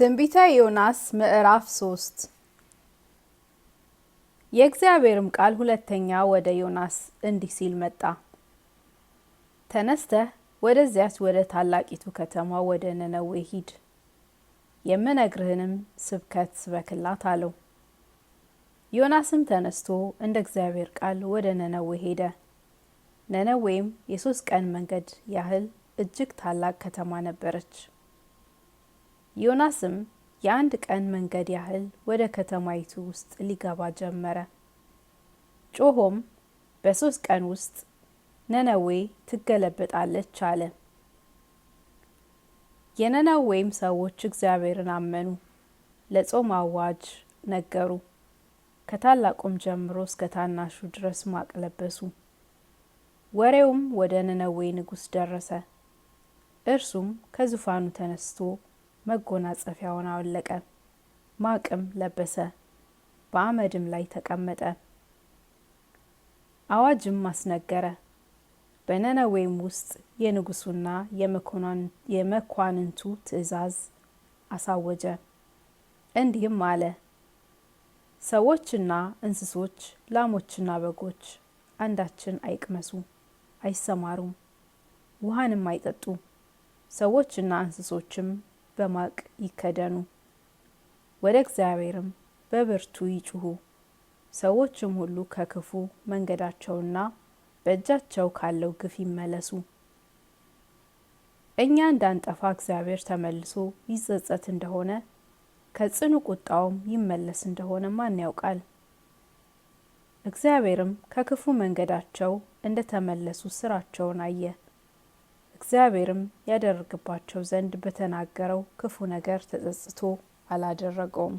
ትንቢተ ዮናስ ምዕራፍ ሶስት የእግዚአብሔርም ቃል ሁለተኛ ወደ ዮናስ እንዲህ ሲል መጣ። ተነስተህ ወደዚያች ወደ ታላቂቱ ከተማ ወደ ነነዌ ሂድ፣ የምነግርህንም ስብከት ስበክላት አለው። ዮናስም ተነስቶ እንደ እግዚአብሔር ቃል ወደ ነነዌ ሄደ። ነነዌም የሶስት ቀን መንገድ ያህል እጅግ ታላቅ ከተማ ነበረች። ዮናስም የአንድ ቀን መንገድ ያህል ወደ ከተማይቱ ውስጥ ሊገባ ጀመረ። ጮሆም በሶስት ቀን ውስጥ ነነዌ ትገለበጣለች አለ። የነነዌም ሰዎች እግዚአብሔርን አመኑ፣ ለጾም አዋጅ ነገሩ። ከታላቁም ጀምሮ እስከ ታናሹ ድረስ ማቅ ለበሱ። ወሬውም ወደ ነነዌ ንጉሥ ደረሰ። እርሱም ከዙፋኑ ተነስቶ መጎናጸፊያውን አወለቀ፣ ማቅም ለበሰ፣ በአመድም ላይ ተቀመጠ። አዋጅም አስነገረ። በነነዌም ውስጥ የንጉሱና የመኳንንቱ ትእዛዝ አሳወጀ። እንዲህም አለ፣ ሰዎችና እንስሶች፣ ላሞችና በጎች አንዳችን አይቅመሱ፣ አይሰማሩም፣ ውሃንም አይጠጡ፣ ሰዎችና እንስሶችም በማቅ ይከደኑ፣ ወደ እግዚአብሔርም በብርቱ ይጩሁ። ሰዎችም ሁሉ ከክፉ መንገዳቸውና በእጃቸው ካለው ግፍ ይመለሱ። እኛ እንዳንጠፋ እግዚአብሔር ተመልሶ ይጸጸት እንደሆነ ከጽኑ ቁጣውም ይመለስ እንደሆነ ማን ያውቃል? እግዚአብሔርም ከክፉ መንገዳቸው እንደ ተመለሱ ስራቸውን አየ። እግዚአብሔርም ያደርግባቸው ዘንድ በተናገረው ክፉ ነገር ተጸጽቶ አላደረገውም።